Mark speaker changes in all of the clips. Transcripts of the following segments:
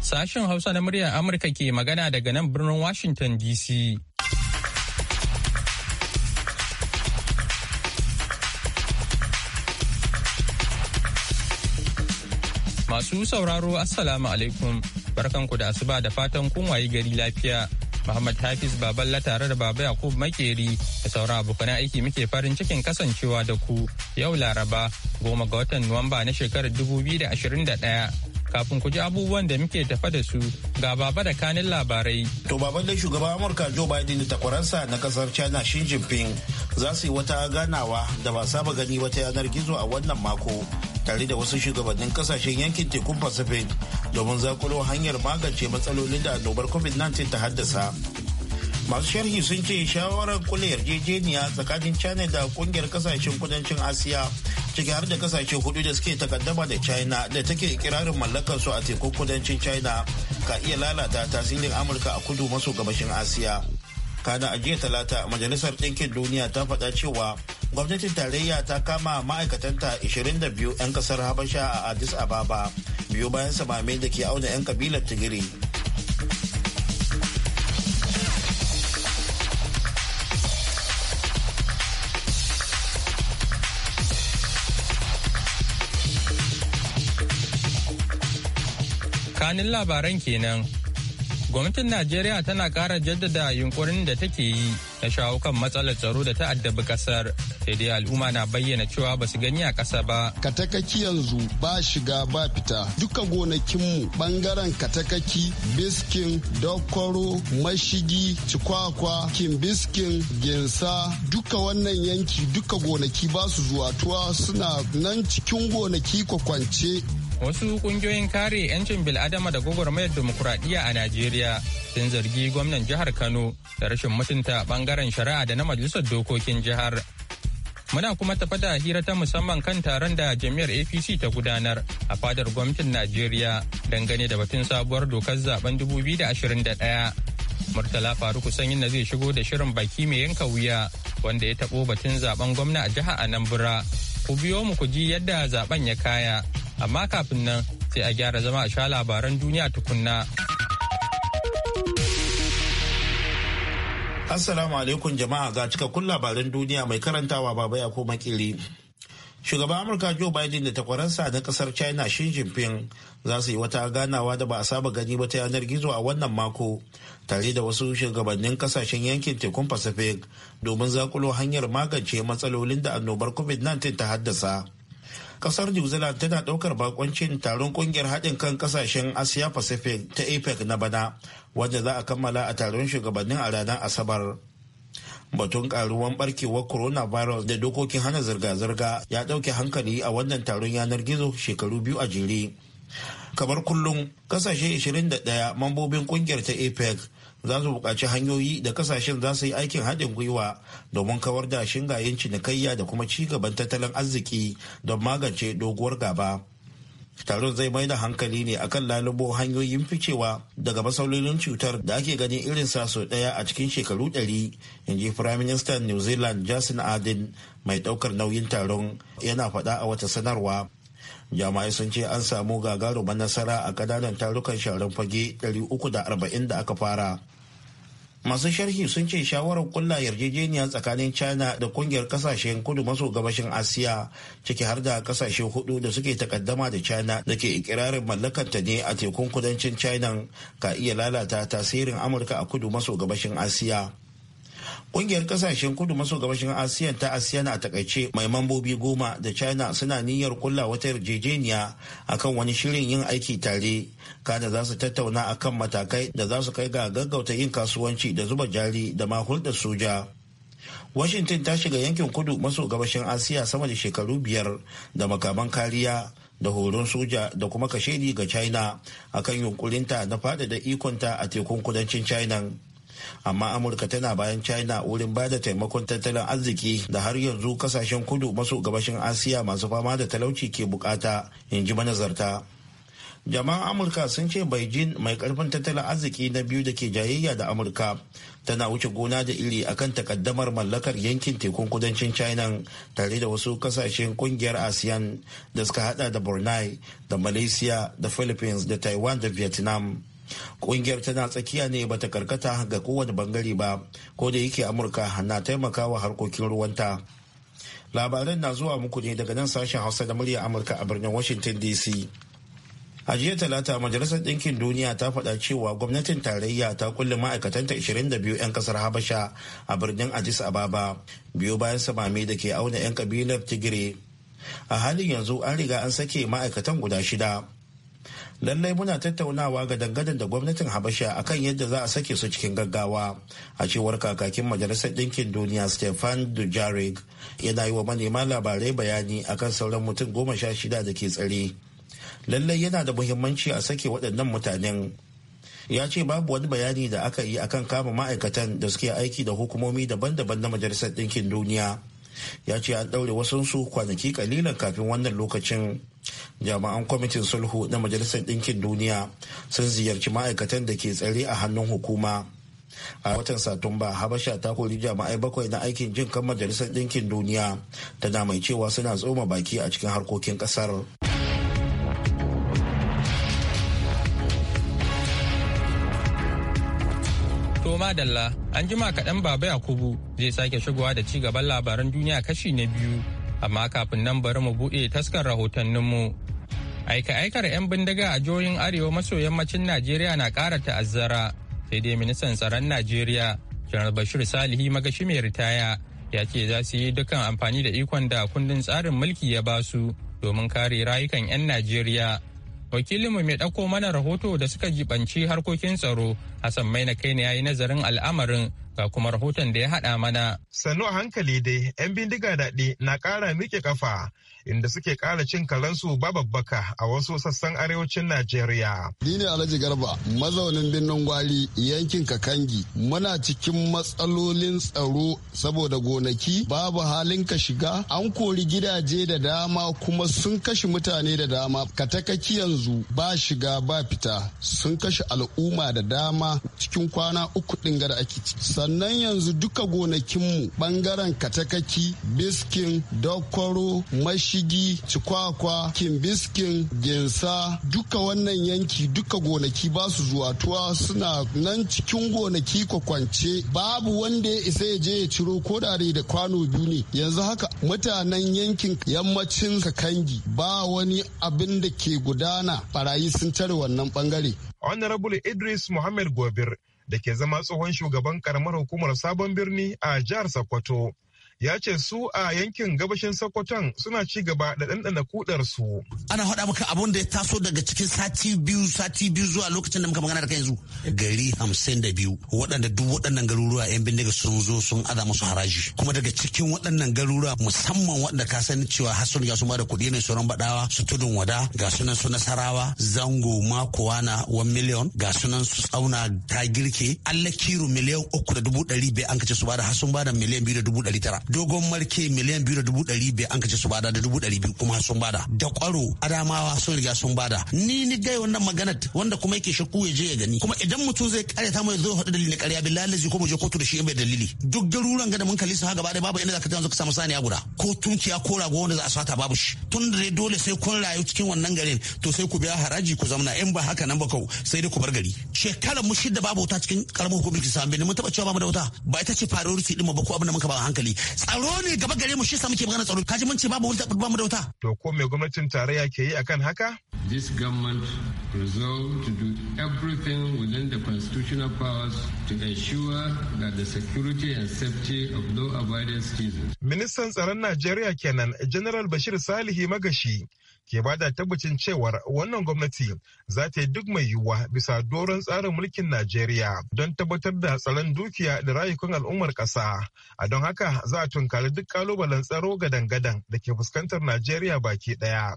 Speaker 1: Sashen Hausa na muryar Amurka ke magana daga nan birnin Washington DC. Masu sauraro Assalamu alaikum, barkanku da asuba da fatan kun wayi gari lafiya. Muhammad Hafiz Baballa tare da Baba Yakub Makeri da sauran abokan aiki muke farin cikin kasancewa da ku yau Laraba goma ga watan Nuwamba na shekarar 2021. kafin ku ji abubuwan da muke tafa da su ga baba da kanin labarai.
Speaker 2: To baban dai shugaban Amurka Joe Biden da takwaransa na kasar China Xi Jinping za su yi wata ganawa da ba saba gani wata yanar gizo a wannan mako tare da wasu shugabannin kasashen yankin tekun Pacific domin zakulo hanyar magance matsalolin da annobar COVID-19 ta haddasa. masu sharhi sun ce shawarar kula yarjejeniya tsakanin china da kungiyar kasashen kudancin asiya ciki har da kasashe hudu da suke takaddama da china da take ikirarin mallakar su a tekun kudancin china ka iya lalata tasirin amurka a kudu maso gabashin asiya kana a jiya talata majalisar ɗinkin duniya ta faɗa cewa gwamnatin tarayya ta kama ma'aikatanta 22 'yan kasar habasha a addis ababa biyu bayan samame da ke auna 'yan kabilar tigiri
Speaker 1: tsakanin labaran kenan gwamnatin najeriya tana kara jaddada yunkurin da take yi na shawo kan matsalar tsaro da ta addabi kasar sai dai al'umma na bayyana cewa ba su gani a kasa ba
Speaker 3: katakaki yanzu ba shiga ba fita duka gonakinmu bangaren katakaki biskin dokoro, mashigi cikwakwa kimbiskin ginsa duka wannan yanki duka gonaki ba su zuwa tuwa suna nan cikin gonaki kwakwance
Speaker 1: wasu kungiyoyin kare 'yancin bil'adama da gwagwarmayar demokuraɗiyya a najeriya sun zargi gwamnan jihar kano da rashin mutunta bangaren shari'a da na majalisar dokokin jihar muna kuma tafa da hira ta musamman kan taron da jami'ar apc ta gudanar a fadar gwamnatin najeriya dangane da batun sabuwar dokar zaben 2021 murtala faruku sanyin na zai shigo da shirin baki mai yanka wuya wanda ya taɓo batun zaben gwamna a jihar anambra ku biyo mu ku ji yadda zaben ya kaya amma kafin nan sai a gyara zama a sha labaran duniya tukunna.
Speaker 2: Assalamu alaikum jama'a ga cikakkun labaran duniya mai karantawa baba ya koma kiri. Shugaban Amurka Joe Biden da takwaransa na kasar China Xi Jinping za su yi wata ganawa da ba a saba gani ba ta yanar gizo a wannan mako tare da wasu shugabannin kasashen yankin tekun Pacific domin zakulo hanyar magance matsalolin da annobar COVID-19 ta haddasa. kasar new zealand tana daukar bakoncin taron kungiyar haɗin kan kasashen asia pacific ta apec na bana wanda za a kammala a taron shugabannin a ranar asabar batun karuwan barkewar coronavirus da dokokin hana zirga-zirga ya ɗauke hankali a wannan taron yanar gizo shekaru biyu a jere kamar kullum kasashe 21 mambobin kungiyar ta apec za su buƙaci hanyoyi da kasashen za su yi aikin haɗin gwiwa domin kawar da shingayen cinikayya da kuma ci gaban tattalin arziki don magance doguwar gaba. taron zai mai da hankali ne akan lalubo hanyoyin ficewa daga masaulolin cutar da ake ganin irin sa sau daya a cikin shekaru ɗari in ji prime minister new zealand jason ardern mai ɗaukar nauyin taron yana faɗa a wata sanarwa jama'ai sun ce an samu gagarumar nasara a kananan tarukan sharan fage 340 da aka fara masu sharhi sun ce shawarar kulla yarjejeniya tsakanin china da kungiyar kasashen kudu maso gabashin asiya ciki har da kasashe hudu da suke takaddama da china da ke ikirarin mallakanta ne a tekun kudancin china ka iya lalata tasirin amurka a kudu maso gabashin asiya Ƙungiyar kasashen kudu maso gabashin Asiya ta asiya a takaice mai mambobi goma da China suna niyyar kulla wata yarjejeniya akan wani shirin yin aiki tare. kada za su tattauna akan matakai da za su kai ga gaggauta yin kasuwanci da zuba jari da ma soja. Washington ta shiga yankin kudu maso gabashin Asiya sama da shekaru biyar da makaman kariya da horon soja da kuma kashedi ga China akan yunkurinta na faɗaɗa ikonta a tekun kudancin China. amma amurka tana bayan china wurin ba da taimakon tattalin arziki da har yanzu kasashen kudu maso gabashin asiya masu fama da talauci ke bukata in ji manazarta jama'an amurka sun ce beijing mai karfin tattalin arziki na biyu da ke jayayya da amurka tana wuce gona da iri akan takaddamar mallakar yankin tekun kudancin china tare da wasu kasashen kungiyar asean da suka hada da brunei da malaysia da philippines da taiwan da vietnam kungiyar tana tsakiya ne bata karkata ga kowane bangare ba ko da yake amurka na taimakawa harkokin ruwanta labaran na zuwa muku ne daga nan sashen hausa da murya amurka a birnin washington dc a jiya talata majalisar ɗinkin duniya ta faɗa cewa gwamnatin tarayya ta kulle ma'aikatanta 22 'yan kasar habasha a birnin addis ababa biyu bayan samami da ke auna 'yan kabilar tigire a halin yanzu an riga an sake ma'aikatan guda shida lallai muna tattaunawa ga dangadan da gwamnatin habasha akan yadda za a sake su cikin gaggawa a cewar kakakin majalisar ɗinkin duniya stefan dujarric yana yi wa manema labarai bayani akan sauran mutum goma sha shida da ke tsare lallai yana da muhimmanci a sake waɗannan mutanen ya ce babu wani bayani da aka yi akan kama ma'aikatan da suke aiki da hukumomi daban-daban na majalisar ɗinkin duniya ya ce an ɗaure wasansu kwanaki kalilan kafin wannan lokacin jami'an kwamitin sulhu na majalisar ɗinkin duniya sun ziyarci ma'aikatan da ke tsare a hannun hukuma a watan satumba habasha ta kori jami'ai bakwai na aikin jin kan majalisar ɗinkin duniya tana mai cewa suna tsoma baki a cikin
Speaker 1: harkokin ƙasar. koma dalla an jima kaɗan baba Yakubu zai sake shigowa da ci gaban labaran duniya kashi na biyu amma kafin nan bari mu buɗe taskar rahotanninmu. Aika-aikar 'yan bindiga a jihohin arewa maso yammacin Najeriya na ƙara ta'azzara sai dai ministan tsaron Najeriya Janar Bashir Salihi Magashi mai ritaya ya ce za su yi dukkan amfani da ikon da kundin tsarin mulki ya basu domin kare rayukan 'yan Najeriya. wakilinmu mai ɗauko mana rahoto da suka jibanci harkokin tsaro hassan maina kai ne ya yi nazarin al'amarin ga kuma rahoton da ya haɗa mana.
Speaker 4: Sannu a hankali dai, 'yan bindiga daɗi na ƙara miƙe ƙafa inda suke ƙara cin karensu babbaka a wasu sassan arewacin Najeriya.
Speaker 3: Ni ne Alhaji Garba, mazaunin birnin Gwari, yankin Kakangi. Muna cikin matsalolin tsaro saboda gonaki, babu halin ka shiga, an kori gidaje da dama kuma sun kashe mutane da dama. Katakaki yanzu ba shiga ba fita, sun kashe al'umma da dama cikin kwana uku ɗin da ake ciki. sannan yanzu duka gonakinmu bangaren katakaki biskin dokoro mashigi cikwakwa biskin ginsa duka wannan yanki duka gonaki ba su zuwa tuwa suna nan cikin gonaki kwakwance babu wanda ya isa ya je ya ciro ko da da kwano biyu ne yanzu haka mutanen yankin yammacin kakangi ba wani abin da ke gudana barayi sun tare wannan bangare honorable
Speaker 4: idris muhammad gobir da ke zama tsohon shugaban karamar hukumar sabon birni a jihar Sokoto ya ce su a yankin gabashin Sokoton suna ci gaba da ɗanɗana kudar su. Ana faɗa maka abun da ya taso daga cikin sati biyu sati biyu zuwa lokacin da
Speaker 5: muka magana da kai yanzu. Gari hamsin da biyu waɗanda duk waɗannan garuruwa 'yan bindiga sun zo sun ada musu haraji. Kuma daga cikin waɗannan garuruwa musamman waɗanda ka sani cewa har sun ga su ma da kuɗi ne sauran baɗawa su tudun wada ga sunan su nasarawa zango makowana 1 miliyon ga sunan su tsauna ta girke Allah kiro miliyan uku da dubu ɗari bai an kace su bada har sun bada miliyan biyu da dubu ɗari tara. dogon marke miliyan biyu da dubu ɗari biyar an kace su bada da dubu ɗari biyu kuma sun bada da kwaro adamawa sun riga sun bada ni ni gai wannan maganar wanda kuma yake shakku ya je ya gani kuma idan mutum zai karyata mai zai faɗi dalilin ƙarya billahi lalazi ko mu je kotu da shi in bai dalili duk garuruwan ga da mun kalli su haka gaba babu inda za ka yanzu ka samu saniya guda ko tunkiya ko rago wanda za a sata babu shi tun da dole sai kun rayu cikin wannan garin to sai ku biya haraji ku zamana in ba haka nan ba kau sai dai ku bar gari Shekarar mu shidda babu wuta cikin karamin hukumar ki samu mun taba cewa mu da wuta ba ita ce priority din mu
Speaker 4: ba ko abin da muka ba hankali
Speaker 5: tsaro ne gaba gare mu shi sa muke magana tsaro kaji mun ce babu wani ba mu da wuta
Speaker 4: to ko me gwamnatin tarayya ke yi akan haka
Speaker 3: this government resolved to do everything within the constitutional powers to ensure that the security and safety of law abiding citizens
Speaker 4: ministan tsaron Najeriya kenan general Bashir Salihi Magashi ke bada tabbacin cewar wannan gwamnati za ta yi duk mai yiwuwa bisa doron tsarin mulkin Najeriya don tabbatar da tsaron dukiya da rayukan al'ummar ƙasa. A don haka za a tunkari duk kalubalen tsaro gadan-gadan da ke fuskantar Najeriya baki ɗaya.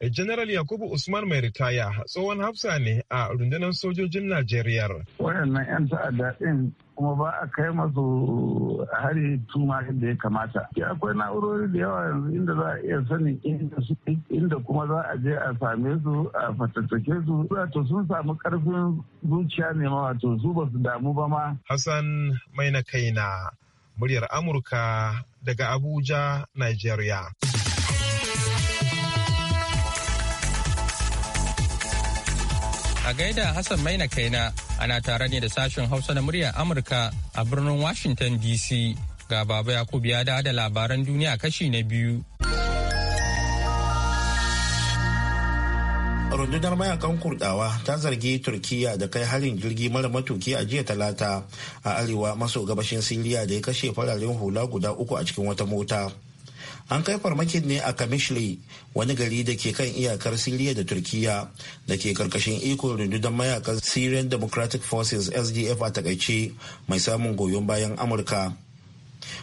Speaker 4: Eh, General Yakubu Usman mai ritaya tsohon hafsa ne a rundunar sojojin Najeriya. Wannan 'yan ta'adda kuma ba a kai masu hari tuma inda ya kamata Ya akwai na'urori da yawa yanzu inda za a iya sanin inda su inda kuma za a je a same su a fatattake su wato sun samu karfin zuciya ne ma wato su ba su damu ba ma hassan mai na kai na muryar amurka daga abuja nigeria
Speaker 1: A gaida Hassan Maina kaina ana tare ne da sashen Hausa na muryar Amurka a birnin Washington DC. Ga Baba Yakubu ya da da labaran duniya kashi na biyu. rundunar mayakan
Speaker 2: kurdawa ta zargi turkiya da kai harin jirgi mara matuki a jiya talata a arewa maso gabashin siriya da ya kashe fararen hula guda uku a cikin wata mota. an kai farmakin ne a kamishli wani gari da ke kan iyakar siriya da turkiya da ke karkashin ikon rundunar mayakan syrian democratic forces sdf a takaice mai samun goyon bayan amurka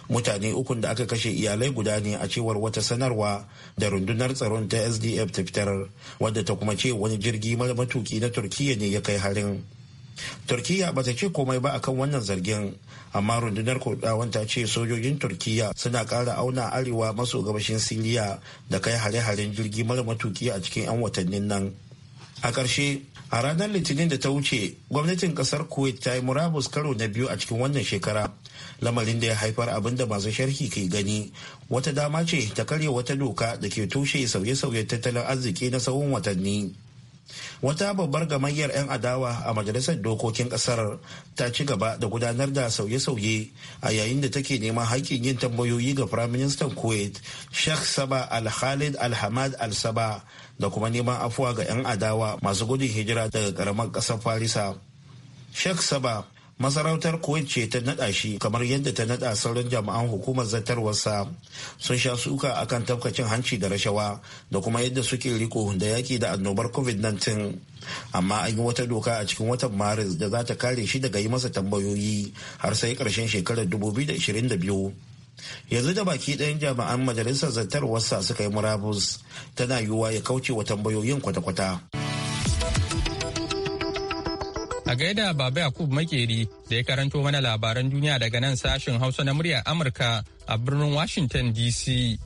Speaker 2: mutane ukun da aka kashe iyalai guda ne a cewar wata sanarwa da rundunar tsaron ta sdf ta fitar wadda ta kuma ce wani jirgi mara matuki na turkiya ne ya kai harin turkiya ba ta ce komai ba akan wannan zargin amma rundunar kurdawan ta ce sojojin turkiya suna kara auna arewa maso gabashin siriya da kai hare-haren jirgi mara matuki a cikin 'yan watannin nan a ƙarshe a ranar litinin da ta wuce gwamnatin kasar kuwait ta yi murabus karo na biyu a cikin wannan shekara lamarin da ya haifar abin da masu sharhi ke gani wata dama ce ta karya wata doka da ke tushe sauye-sauyen tattalin arziki na tsawon watanni wata babbar gamayyar 'yan adawa a majalisar dokokin kasar ta ci gaba da gudanar da sauye-sauye a yayin da take neman haƙƙin yin tambayoyi ga firaministan kuwait sheikh saba al-khalid al-hamad al-saba da kuma neman afuwa ga 'yan adawa masu gudun hijira daga ƙaramar ƙasar farisa sheikh saba masarautar kuwait ce ta nada shi kamar yadda ta nada sauran jami'an hukumar zartarwarsa sun sha suka akan tafkacin hanci da rashawa da kuma yadda suke riko da yaki da annobar covid-19 amma an yi wata doka a cikin watan maris da za ta kare shi daga yi masa tambayoyi har sai karshen shekarar 2022 yanzu da baki ɗayan jami'an majalisar wasa suka yi murabus tana yiwuwa ya kauce wa tambayoyin kwata-kwata.
Speaker 1: A gaida Baba Yakub Makeri da ya karanto mana labaran duniya daga nan sashen Hausa na muryar Amurka a birnin Washington DC.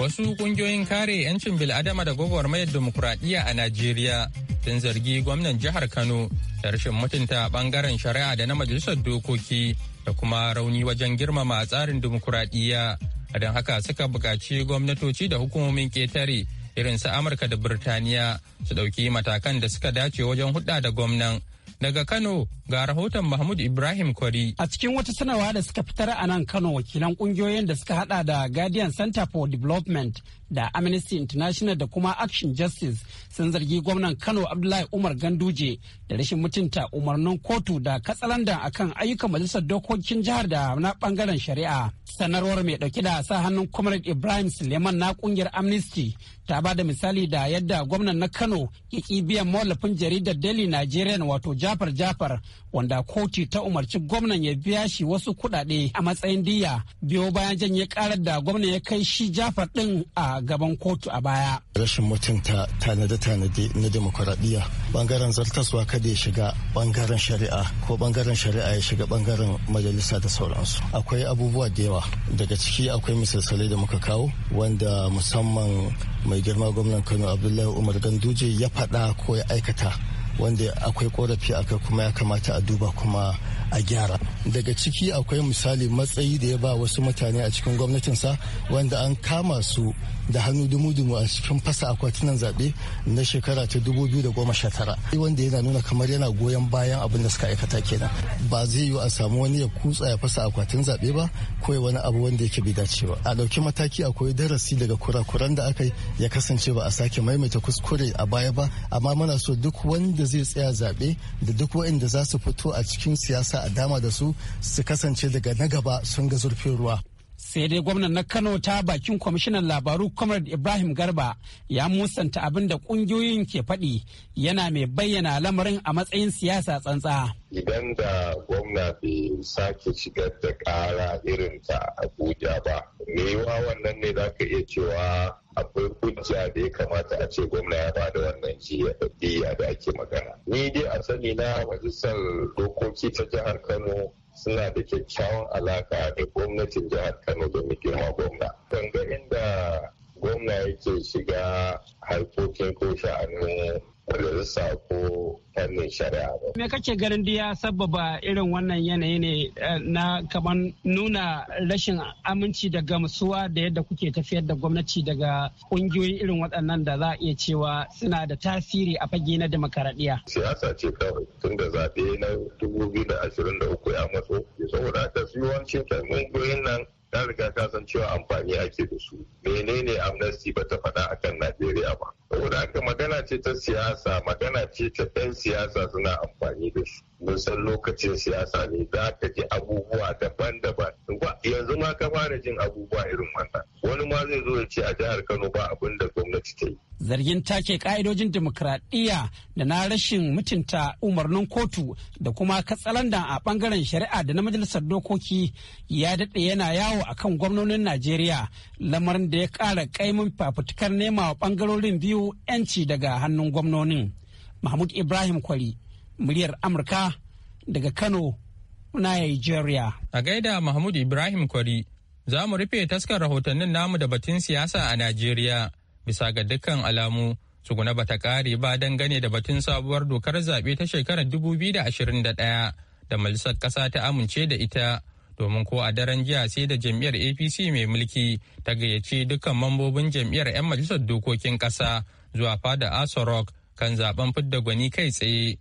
Speaker 1: Wasu kungiyoyin kare 'yancin bil'adama da gwagwarmayar demokuraɗiyya a Najeriya sun zargi gwamnan jihar Kano da rashin mutunta bangaren shari'a da na majalisar dokoki da kuma rauni wajen girmama tsarin demokuraɗiyya. Don haka suka buƙaci gwamnatoci da hukumomin ƙetare irin su amurka da birtaniya su ɗauki matakan da suka dace wajen hudda da gwamnan daga kano ga rahoton mahmud ibrahim kwari
Speaker 6: a cikin wata sanawa da suka fitar a nan kano wakilan kungiyoyin da suka hada da guardian center for development da amnesty international da kuma action justice sun zargi gwamnan kano abdullahi umar ganduje da rashin mutunta umarnin kotu da katsalandan akan ayyukan majalisar dokokin jihar da na bangaren shari'a sanarwar mai dauke da sa hannun comrade ibrahim suleiman na kungiyar amnesty ta ba da misali da yadda gwamnan na kano ya ki biyan mallafin jaridar daily nigerian wato jafar jafar wanda koti ta umarci gwamnan ya biya shi wasu kudade a matsayin diya biyo bayan ya karar da gwamnan ya kai shi jafar din a gaban kotu a
Speaker 7: baya rashin mutunta tanade-tanade na demokuraɗiyya bangaren zartaswa kada ya shiga bangaren shari'a ko bangaren shari'a ya shiga bangaren majalisa da sauransu akwai abubuwa da yawa yawa daga ciki akwai misalsalai da muka kawo wanda musamman mai girma gwamnan kano abdullahi umar ganduje ya faɗa ko ya aikata wanda akwai korafi kai kuma ya kamata a duba kuma a gyara daga ciki akwai misali matsayi da ya ba wasu mutane a cikin gwamnatinsa wanda an kama su da hannu dumu-dumu a cikin fasa akwatunan zaɓe na shekara ta dubu biyu da goma 2019 wanda yana nuna kamar yana goyon bayan abin da suka aikata kenan ba zai yiwu a samu wani ya kutsa ya fasa akwatin zaɓe ba ko ya wani abu wanda yake bai dace ba a ɗauki mataki akwai darasi daga kurakuran da aka yi ya kasance ba a sake maimaita kuskure a baya ba amma muna so duk wanda zai tsaya zaɓe da duk waɗanda za su fito a cikin siyasa a dama da su su kasance daga na gaba sun ga zurfin ruwa.
Speaker 6: sai dai gwamnan na kano ta bakin kwamishinan labaru comrade ibrahim garba ya musanta abin da kungiyoyin ke faɗi yana mai bayyana lamarin a matsayin siyasa tsantsa
Speaker 4: idan da gwamna bai sake shigar da ƙara irin ta abuja ba mewa wannan ne za ka iya cewa akwai hujja da ya kamata a ce gwamna ya bada wannan da ya da ake magana ni dai a sani na majalisar dokoki ta jihar kano suna da kyakkyawan alaka da gwamnatin jihar kano da muke ma gwamna gangamin da gwamna yake shiga harkokin ko sha'anin majalisa ko fannin shari'a ba.
Speaker 6: Me kake ganin ya sababa irin wannan yanayi ne eh, na kamar nuna rashin aminci da gamsuwa da yadda kuke tafiyar da gwamnati daga kungiyoyi irin waɗannan da za a iya cewa suna da tasiri a fage na demokaradiyya.
Speaker 4: Siyasa ce kawai tun da zaɓe na 2023 ya matso saboda haka yawancin kungiyoyin nan ta riga ta san cewa amfani ake da su menene amnesty ba ta faɗa akan najeriya ba saboda haka magana ce ta siyasa magana ce ta 'yan siyasa suna amfani da su mun san lokacin siyasa ne za ka ji abubuwa daban-daban yanzu ma ka fara jin abubuwa irin wannan wani ma zai zo ya ce a jihar kano ba abin da gwamnati ta yi
Speaker 6: zargin take ka'idojin demokradiyya da na rashin mutunta umarnin kotu da kuma katsalandan a bangaren shari'a da na majalisar dokoki ya daɗe yana yawo a kan gwamnonin najeriya lamarin da ya ƙara kaimin fafutukar nema wa bangarorin biyu 'yanci daga hannun gwamnonin mahmud ibrahim kwari muryar amurka daga kano nigeria
Speaker 1: a gaida mahmud ibrahim kwari za mu rufe taskar rahotannin namu da batun siyasa a najeriya bisa ga dukkan alamu tsuguna bata kare ba dangane da batun sabuwar dokar zaɓe ta shekarar 2021 da majalisar ƙasa ta amince da ita domin ko a daren jiya sai da jam'iyyar apc mai mulki ta gayyace dukkan mambobin jam'iyyar 'yan majalisar dokokin ƙasa zuwa fada asorok kan zaben fidda gwani kai tsaye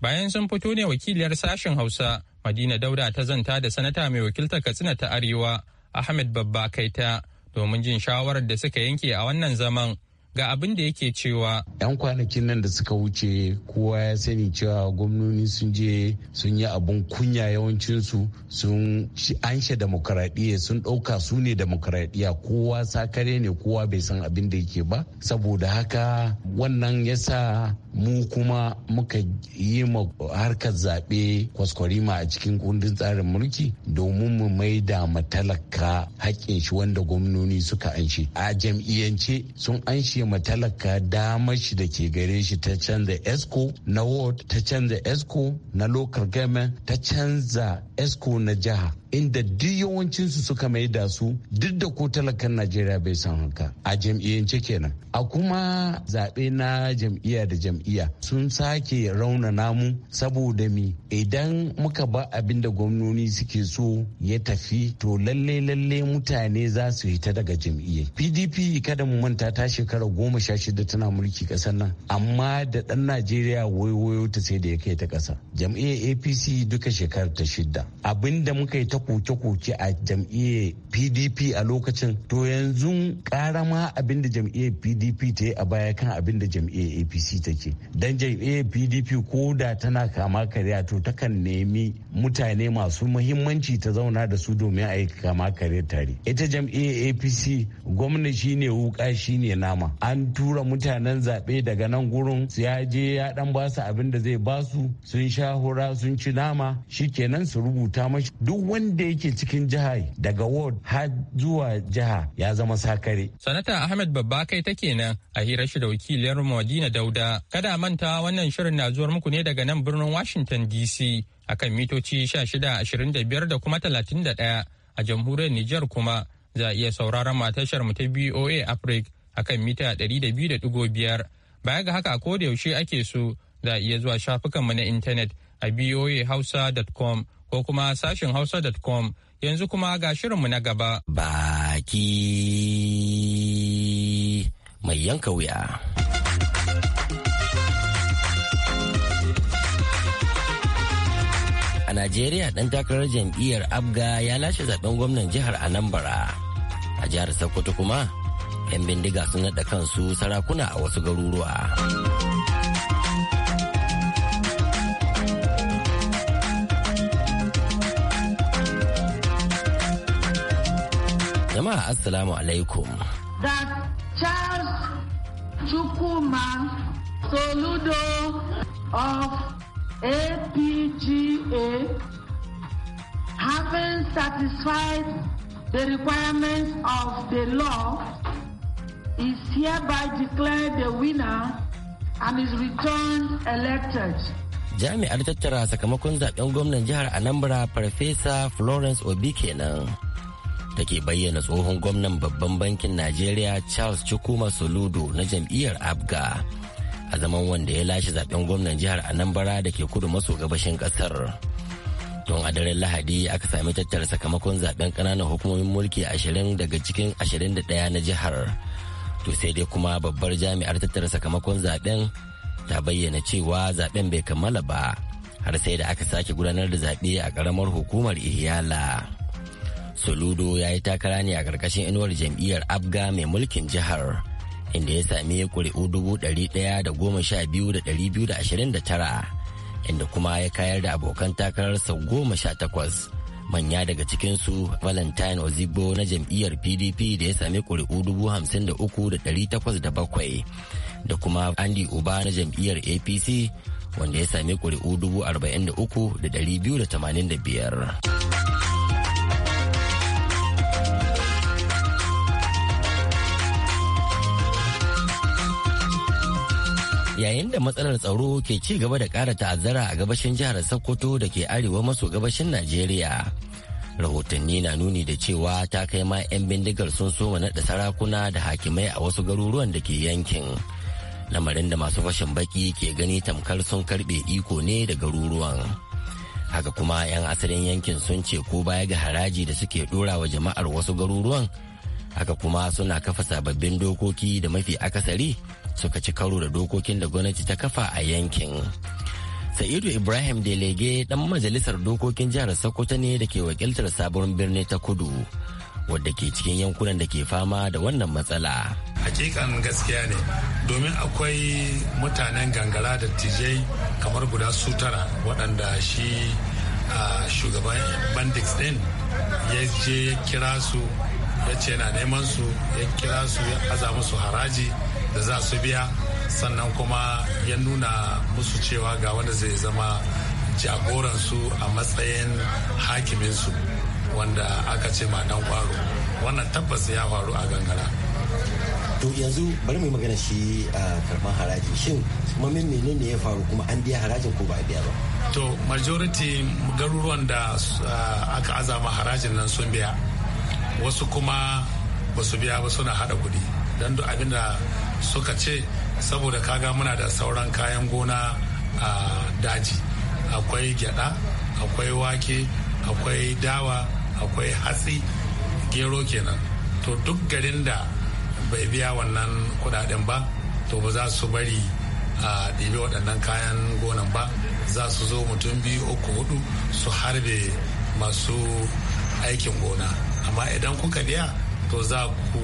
Speaker 1: bayan sun fito ne wakiliyar sashen hausa madina dauda ta zanta da sanata mai wakiltar katsina ta arewa ahmed babba kaita domin jin shawarar da suka yanke a wannan zaman ga abin da yake cewa
Speaker 8: yan kwanakin nan da suka wuce kowa ya sani cewa gwamnoni sun je sun yi abun kunya yawancinsu sun anshe demokaradiyya sun ɗauka su ne demokaradiyya kowa sakare ne kowa bai san abin da yake ba saboda haka wannan yasa mu kuma muka yi ma harkar zaɓe kwaskwarima a cikin kundin tsarin mulki domin mu maida matalaka haƙƙin shi wanda gwamnoni suka anshe a jam'iyyance sun anshe ce ma talaka damar shi da ke gare shi ta canza esco na ward ta canza esco na local government ta canza esco na jiha inda duk yawancinsu suka mai da su duk da ko talakan najeriya bai san haka a jam'iyyance kenan a kuma zaɓe na jam'iyya da jam'iyya sun sake rauna namu saboda mi idan muka ba abin da gwamnoni suke so ya tafi to lalle lalle mutane za su hita daga jam'iyyar pdp kada mu manta ta shekara goma sha shida tana mulki ƙasar nan amma da ɗan najeriya wayo ta sai da ya kai ta ƙasa jam'iyyar apc duka shekara ta shida abin da muka yi ta koke-koke a jam'iyyar pdp a lokacin to yanzu ƙarama abin da jam'iyyar pdp ta yi a baya kan abinda jam'iyyar apc take don jam'iyyar pdp ko da tana kama karya to takan nemi mutane masu muhimmanci ta zauna da su domin a yi kama karya tare ita jam'iyyar apc gwamna shine wuka ne nama an tura mutanen zaɓe daga nan gurin su ya je ya dan ba su abin da zai ba su sun sha hura sun ci nama shi shikenan su rubuta mashi duk wanda wanda yake cikin jiha daga ward har zuwa jiha ya zama sakare.
Speaker 1: Sanata Ahmed Babba kai ta kenan a hira shi da wakiliyar Madina Dauda. Kada manta wannan shirin na zuwar muku ne daga nan birnin Washington DC akan mitoci 1625 da kuma 31 a jamhuriyar Nijar kuma za a iya sauraron matashar mu ta BOA Africa akan mita 200.5 baya ga haka ko da yaushe ake so za a iya zuwa shafukanmu na intanet a boahausa.com ko kuma sashin hausa.com yanzu kuma ga shirinmu na gaba.
Speaker 9: Baki mai yanka wuya. A Najeriya ɗan takarar jam'iyyar Abga ya lashe zaben gwamnan jihar Anambra. A jihar Sokoto kuma, 'yan bindiga sun naɗa kansu sarakuna a wasu garuruwa. Jama'a Assalamu alaikum.
Speaker 6: the Charles Chukwuma Soludo of APGA having satisfied the requirements of the law is hereby declared the winner and is returned elected.
Speaker 9: Jami'ar tattara sakamakon zaben gwamnan jihar Anambra Farfesa Florence Obi kenan. da ke bayyana tsohon gwamnan babban bankin najeriya charles chukwuma soludo na jam'iyyar abga a zaman wanda ya lashe zaben gwamnan jihar anambra da ke kudu maso gabashin kasar don a daren lahadi aka sami tattara sakamakon zaben kananan hukumomin mulki ashirin daga cikin ashirin da ɗaya na jihar to sai dai kuma babbar jami'ar tattara sakamakon zaben ta bayyana cewa zaben bai kammala ba har sai da aka sake gudanar da zaɓe a ƙaramar hukumar ihiyala. soludo ya yi takara ne a ƙarƙashin inuwar jam'iyyar abga mai mulkin jihar inda ya sami ƙuri'u tara inda kuma ya kayar da abokan takararsa goma sha takwas manya daga cikinsu valentine ozigbo na jam'iyyar pdp da ya sami ƙuri'u bakwai da kuma andy uba na jam'iyyar apc wanda ya sami ƙuri'u biyar. yayin da matsalar tsaro ke ci gaba da ƙara ta'azzara a gabashin jihar sokoto da ke arewa maso gabashin najeriya rahotanni na nuni da cewa ta kai ma 'yan bindigar sun soma naɗa sarakuna da hakimai a wasu garuruwan da ke yankin lamarin da masu fashin baki ke gani tamkar sun karɓe iko ne da garuruwan haka kuma 'yan asalin yankin sun ce ko baya ga haraji da suke ɗora wa jama'ar wasu garuruwan haka kuma suna kafa sababbin dokoki da mafi akasari suka ci karo da dokokin da gwamnati ta kafa a yankin. Sa'idu Ibrahim Delege dan majalisar dokokin jihar Sokoto ne da ke wakiltar sabon birni ta kudu wadda ke cikin yankunan da ke fama da wannan matsala.
Speaker 10: Hakikan gaskiya ne domin akwai mutanen gangara da tijai kamar guda su tara waɗanda shi shugaban bandits din ya je ya kira su ya ce na neman su ya kira su ya aza musu haraji da za su biya sannan kuma ya nuna musu cewa ga wanda zai zama jagoransu a matsayin hakiminsu wanda aka ce ma dan kwaro wannan tabbas ya faru a gangara
Speaker 9: to yanzu bari mu yi magana shi a karban haraji shin kuma min menene ya faru kuma an biya harajin ko ba a biya ba
Speaker 10: to majority garuruwan da aka azama harajin nan sun biya wasu kuma ba su biya ba suna hada kudi don abin abinda suka ce saboda kaga muna da sauran kayan gona a daji akwai gyada akwai wake akwai dawa akwai hatsi gero kenan to duk garin da bai biya wannan kudaden ba to ba za su bari a ɗibi waɗannan kayan gonan ba za su zo mutum biyu uku hudu su harbe masu aikin gona amma idan kuka biya to za ku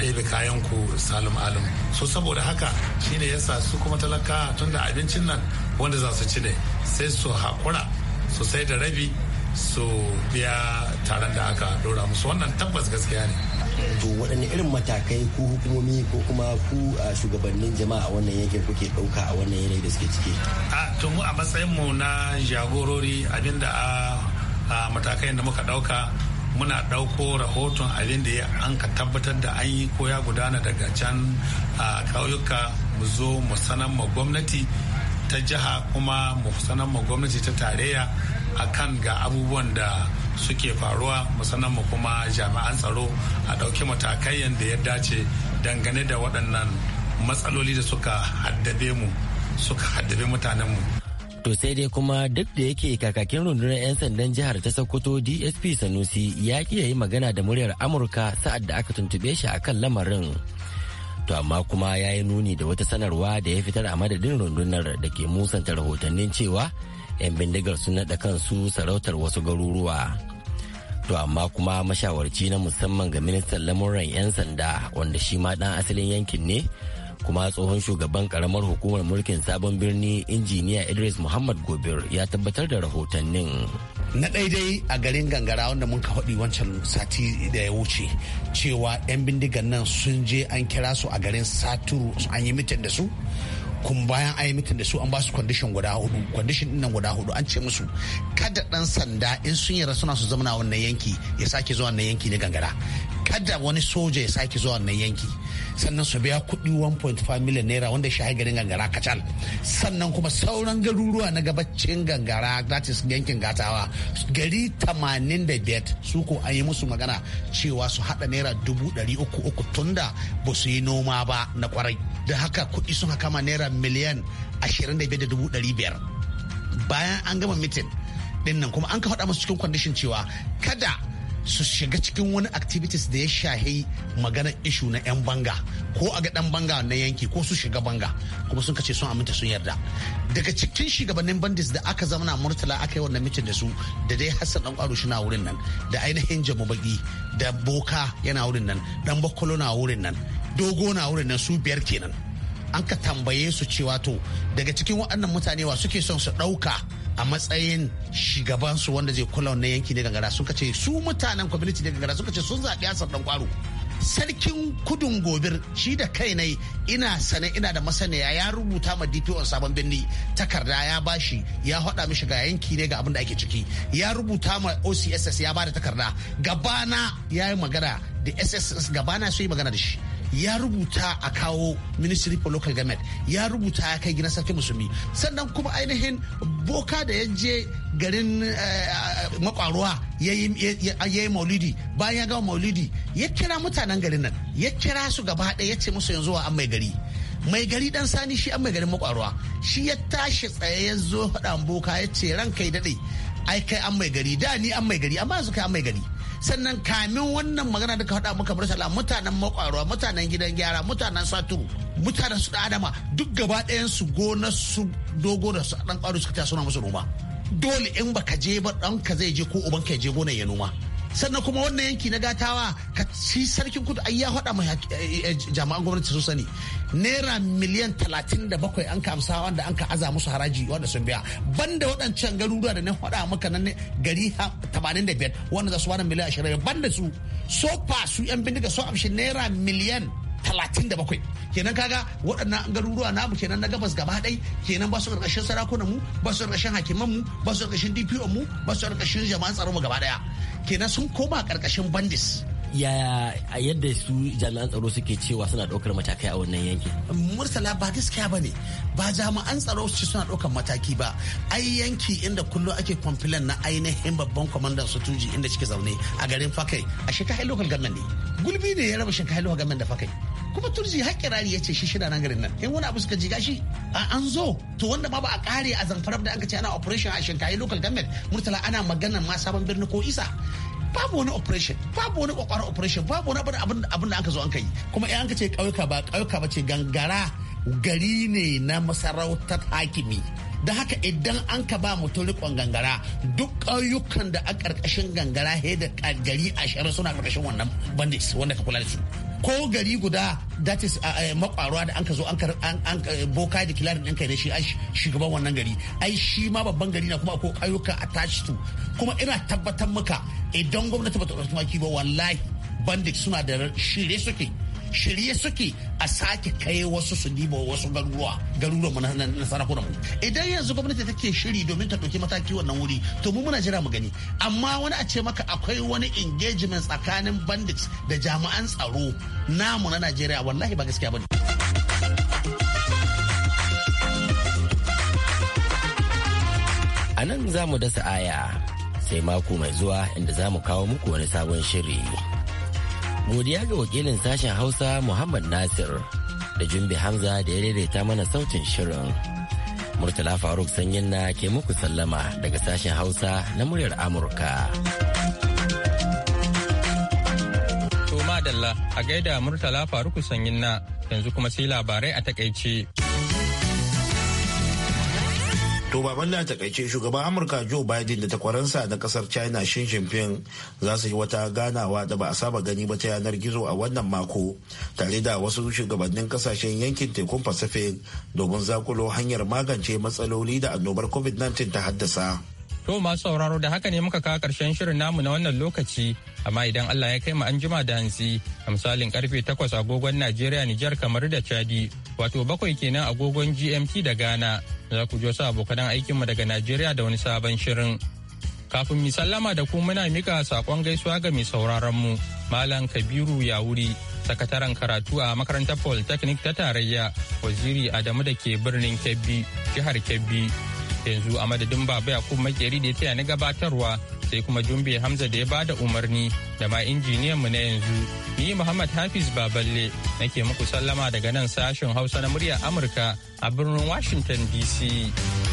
Speaker 10: ɗebe kayan ku salim alim so saboda haka shine ya sa su kuma talaka tun da abincin nan wanda za su ci ne sai su haƙura su sai da rabi su biya taron da aka ɗora musu wannan tabbas gaskiya ne
Speaker 9: to waɗanne irin matakai ko hukumomi ko kuma ku a shugabannin jama'a wannan yankin kuke ɗauka a wannan yanayi da suke ciki
Speaker 10: a to a matsayin mu na jagorori abinda a matakai da muka ɗauka muna ɗauko rahoton abin da ya an ka tabbatar da an yi ko ya gudana daga can a ƙauyuka mu zo mu sanar ma gwamnati ta jiha kuma mu sanar ma gwamnati ta tarayya akan ga abubuwan da suke faruwa musamman kuma jami'an tsaro a ɗauki matakai yadda ya dace dangane da waɗannan matsaloli da suka haddabe mu suka haddabe mutanenmu. To
Speaker 9: sai dai kuma duk da yake kakakin rundunar 'yan sandan jihar ta Sokoto DSP Sanusi ya ki yi magana da muryar Amurka sa'ad da aka tuntube shi akan lamarin. To amma kuma ya yi nuni da wata sanarwa da ya fitar a madadin rundunar da ke musanta rahotannin cewa 'yan bindigar sun naɗa kansu sarautar wasu garuruwa. To amma kuma mashawarci na musamman ga ministan lamuran 'yan sanda wanda shi ma ɗan asalin yankin ne kuma tsohon shugaban karamar hukumar mulkin sabon birni injiniya idris muhammad gobir ya tabbatar da rahotannin na daidai a garin gangara wanda mun haɗi wancan
Speaker 5: sati da ya wuce cewa 'yan bindigan nan sun je an kira su a garin saturu an yi mitin da su kun bayan an yi mitin da su an ba su kwandishin guda hudu kwandishin dinnan guda hudu an ce musu kada dan sanda in sun yi suna su zamana wannan yanki ya sake zuwa wannan yanki na gangara kada wani soja ya sake zuwa wannan yanki sannan su biya kuɗi 1.5 miliyan naira wanda shi garin gangara kacal sannan kuma sauran garuruwa na gabacin gangara that is yankin gatawa gari 85 su ko an yi musu magana cewa su haɗa naira dubu ɗari uku uku tunda ba su yi noma ba na kwarai da haka kuɗi sun kama naira miliyan 25,500 bayan an gama mitin ɗin nan kuma an ka faɗa musu cikin kwandishin cewa kada su shiga cikin wani activities da ya shahi magana ishu na 'yan banga ko a ga dan banga na yanki ko su shiga banga kuma sun kace sun aminta sun yarda daga cikin shugabannin bandits da aka zama na murtala aka yi wannan mitin da su da dai hassan dan kwaro shi na wurin nan da ainihin jamu baki da boka yana wurin nan dan bakkolo na wurin nan dogo na wurin nan su biyar kenan an ka tambaye su cewa to daga cikin waɗannan mutane wa suke son su ɗauka a matsayin shugabansu wanda zai kula wannan yanki ne gangara suka ce su mutanen community ne gangara suka ce sun zaɓi asar dan kwaro sarkin kudun gobir shi da kai ne ina sane ina da masaniya ya rubuta ma dpo sabon birni takarda ya bashi ya hada mishi ga yanki ne ga abin da ake ciki ya rubuta ma ocss ya bada takarda gabana ya yi magana da sss gabana su yi magana da shi ya rubuta a kawo ministry for local government ya rubuta ya kai gina sarki musulmi sannan kuma ainihin boka da ya je garin eh, makwaruwa ya yi maulidi bayan ya gama maulidi ya kira mutanen garin nan ya kira su gaba ɗaya ya ce musu yanzu wa an mai gari mai gari dan sani shi an mai garin makwaruwa shi ya tashi tsaye ya zo haɗa boka ya ce ran kai daɗe ai kai an mai gari da ni an mai gari amma yanzu kai an mai gari sannan kamin wannan magana da ka faɗa muka bar sala mutanen makwarwa mutanen gidan gyara mutanen saturu mutanen su adama duk gaba ɗayan su gona su dogo da su ɗan ƙwaro suka ta suna musu noma dole in baka je ba ka zai je ko ubanka ya je gonar ya noma sannan kuma wannan yanki na gatawa ka ci sarkin kudu ai ya hada mai eh, eh, jami'an gwamnati su sani naira miliyan 37 an kamsa wanda an ka aza musu haraji wanda sun biya banda waɗancan garuruwa da na hada maka nan gari 85 wanda za su wani miliyan 20 banda su so fa su yan bindiga so amshi naira miliyan 37 kenan kaga waɗannan garuruwa mu kenan na gabas gaba ɗai kenan ba su ƙarƙashin sarakunan mu ba su ƙarƙashin hakiman mu ba su ƙarƙashin dpo mu ba su ƙarƙashin jama'an tsaro mu gaba ɗaya kenan sun koma karkashin bandis
Speaker 9: yaya yadda su jami'an tsaro suke cewa suna ɗaukar matakai a wannan
Speaker 5: yanki? mursala ba gaskiya ba ne ba jami'an tsaro su suna ɗaukar mataki ba ai yanki inda kullum ake kwamfilan na ainihin babban kwamandan su tuji inda suke zaune a garin fakai a shekai local government ne gulbi ne ya raba shekai local government da fakai kuma turji har kirari ya ce shi shida nan garin nan in wani abu suka jiga shi an zo to wanda ma ba a kare a zamfara da aka ce ana operation a shinkayi local government murtala ana magana ma sabon birni ko isa babu wani operation babu wani kwakwaran operation babu wani abin da aka zo an kai kuma in aka ce ƙauyuka ba ƙauyuka ba ce gangara gari ne na masarautar hakimi da haka idan an ka ba mutum rikon gangara duk ƙauyukan da a ƙarƙashin gangara he da gari ashirin suna ƙarƙashin wannan bandits wanda ka kula da su ko gari guda that is makwarwa da an ka zo an ka eh, boka da kilarin ɗin kai da shi shugaban wannan gari ai shi ma babban gari na kuma ko ayyuka attached to kuma ina tabbatar maka idan gwamnati ba ta ba wallahi bandit suna da shirye suke shirye suke a sake kai wasu su diba wasu garuruwa garuruwa mu na sarakunan mu idan yanzu gwamnati take shiri domin ta ɗauki mataki wannan wuri to mu muna jira mu gani amma wani a ce maka akwai wani engagement tsakanin bandits da jami'an tsaro namu na Najeriya wallahi ba gaskiya bane
Speaker 9: a nan za mu dasa aya sai mako mai zuwa inda za mu kawo muku wani sabon shiri. godiya ga wakilin sashen hausa muhammad nasir da jumbi hamza da ya daidaita mana sautin shirin murtala faruk sanyin na ke muku
Speaker 1: sallama daga sashen hausa na muryar amurka to a gaida murtala faruk sanyin na yanzu kuma sai labarai a takaice To baban da
Speaker 2: takaice shugaban Amurka Joe Biden da takwaransa na kasar China Xi Jinping za su yi wata ganawa da ba a saba gani ba ta yanar gizo a wannan mako tare da wasu shugabannin kasashen yankin tekun Pacific domin zakulo hanyar magance matsaloli da annobar COVID-19 ta haddasa.
Speaker 1: To masu sauraro da haka ne muka kawo karshen shirin namu na wannan lokaci, amma idan Allah ya kai mu an jima da hansi a misalin karfe takwas agogon Najeriya Nijar kamar da Chadi, wato bakwai kenan agogon GMT da Ghana, za ku jo sa abokan aikinmu daga Najeriya da wani sabon shirin. Kafin mi sallama da ku muna mika saƙon gaisuwa ga mai sauraron mu, Malam Kabiru Yawuri, sakataren karatu a makarantar Polytechnic ta tarayya, Waziri Adamu da ke birnin Kebbi, jihar Kebbi. yanzu a madadin baba yakub makeri da ya taya na gabatarwa sai kuma jumbe hamza da ya ba da umarni da ma injiniyan mu na yanzu ni muhammad hafiz baballe nake muku sallama daga nan sashen hausa na muryar amurka a birnin washington dc